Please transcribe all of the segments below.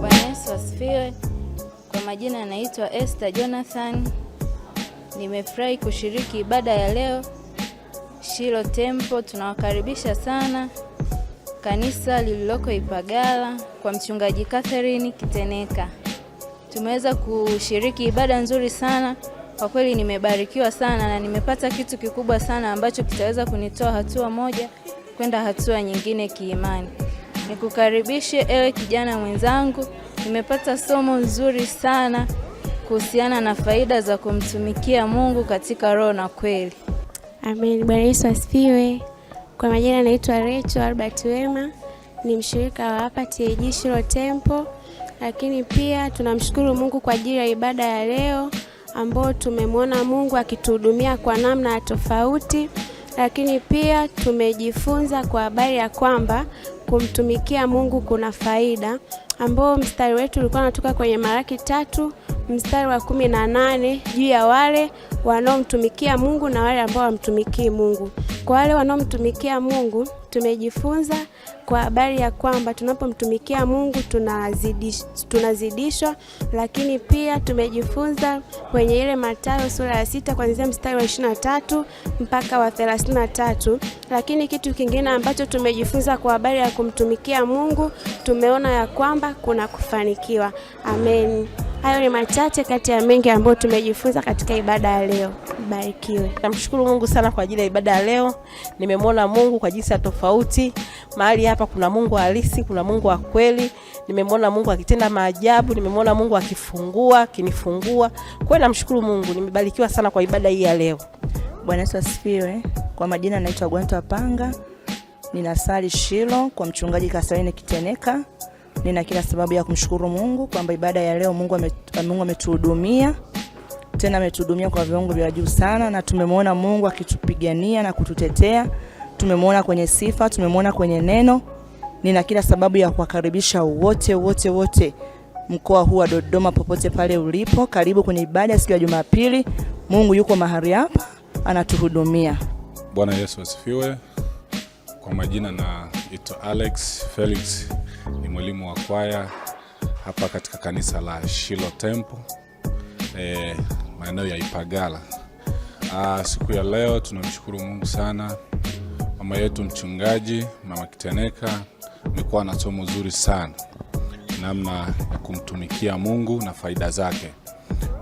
Bwana Yesu Kwa majina anaitwa Esther Jonathan. Nimefurahi kushiriki ibada ya leo Shilo tempo Tunawakaribisha sana kanisa lililoko Ipagala kwa mchungaji Catherine Kiteneka. Tumeweza kushiriki ibada nzuri sana. Kwa kweli nimebarikiwa sana na nimepata kitu kikubwa sana ambacho kitaweza kunitoa hatua moja kwenda hatua nyingine kiimani. Nikukaribishe ewe kijana mwenzangu, nimepata somo nzuri sana kuhusiana na faida za kumtumikia Mungu katika roho na kweli. Amen. Bwana Yesu asifiwe. Kwa majina naitwa Recho Albert Wema, ni mshirika wa hapa TAG Shiro tempo lakini pia tunamshukuru Mungu kwa ajili ya ibada ya leo ambao tumemwona Mungu akituhudumia kwa namna ya tofauti, lakini pia tumejifunza kwa habari ya kwamba kumtumikia Mungu kuna faida, ambao mstari wetu ulikuwa unatoka kwenye Malaki tatu mstari wa kumi na nane juu ya wale wanaomtumikia Mungu na wale ambao wamtumikii Mungu. Kwa wale wanaomtumikia Mungu tumejifunza kwa habari ya kwamba tunapomtumikia Mungu tunazidish, tunazidishwa, lakini pia tumejifunza kwenye ile Mathayo sura ya sita kuanzia mstari wa tatu mpaka wa 33. Lakini kitu kingine ambacho tumejifunza kwa habari ya kumtumikia Mungu tumeona ya kwamba kuna kufanikiwa. Amen. Hayo ni machache kati ya mengi ambayo tumejifunza katika ibada ya leo. Barikiwe. Namshukuru Mungu sana kwa ajili ya ibada ya leo. Nimemwona Mungu kwa jinsi ya tofauti. Mahali hapa kuna Mungu halisi, kuna Mungu wa kweli. Nimemwona Mungu akitenda maajabu, nimemwona Mungu akifungua, akinifungua. Kwa hiyo namshukuru Mungu, nimebarikiwa sana kwa ibada hii ya leo. Bwana Yesu asifiwe. Kwa majina naitwa Gwanto Panga. Ninasali Shilo kwa mchungaji Kasaine Kiteneka. Nina kila sababu ya kumshukuru Mungu kwamba ibada ya leo Mungu ametuhudumia tena, ametuhudumia kwa viungo vya juu sana, na tumemwona Mungu akitupigania na kututetea. Tumemwona kwenye sifa, tumemwona kwenye neno. Nina kila sababu ya kuwakaribisha wote wote wote mkoa huu wa Dodoma, popote pale ulipo, karibu kwenye ibada siku ya Jumapili. Mungu yuko mahali hapa anatuhudumia. Bwana Yesu asifiwe. Kwa majina na ito Alex Felix ni mwalimu wa kwaya hapa katika kanisa la Shilo Temple e, maeneo ya Ipagala. Aa, ah, siku ya leo tunamshukuru Mungu sana mama yetu mchungaji mama Kiteneka amekuwa na somo zuri sana namna ya kumtumikia Mungu na faida zake.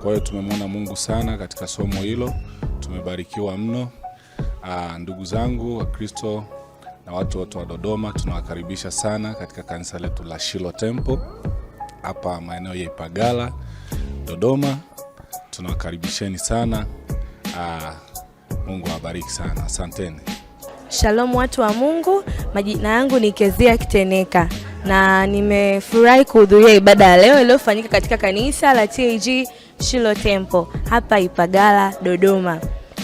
Kwa hiyo tumemwona Mungu sana katika somo hilo, tumebarikiwa mno. Aa, ah, ndugu zangu wa Kristo na watu wote wa Dodoma tunawakaribisha sana katika kanisa letu la Shilo Temple hapa maeneo ya Ipagala Dodoma. Tunawakaribisheni sana. Aa, ah, Mungu awabariki sana, asanteni. Shalom watu wa Mungu, majina yangu ni Kezia Kiteneka na nimefurahi kuhudhuria ibada ya leo iliyofanyika katika kanisa la TAG Shilo Temple hapa Ipagala Dodoma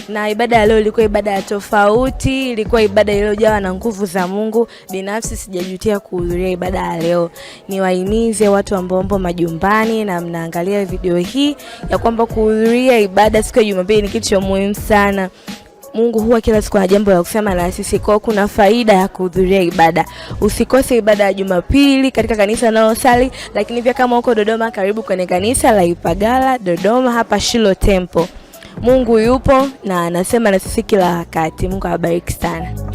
na ibada ya leo ilikuwa ibada ya tofauti, ilikuwa ibada iliyojawa na nguvu za Mungu. Binafsi sijajutia kuhudhuria ibada ya leo. Niwahimize watu ambao mpo majumbani na mnaangalia video hii ya kwamba kuhudhuria ibada siku ya Jumapili ni kitu cha muhimu sana. Mungu huwa kila siku ana jambo la kusema na sisi, kwa kuna faida ya kuhudhuria ibada. Usikose ibada ya Jumapili katika kanisa unalosali, lakini pia kama uko Dodoma, karibu kwenye kanisa la Ipagala Dodoma hapa Shilo Temple. Mungu yupo na anasema na sisi kila wakati. Mungu awabariki sana.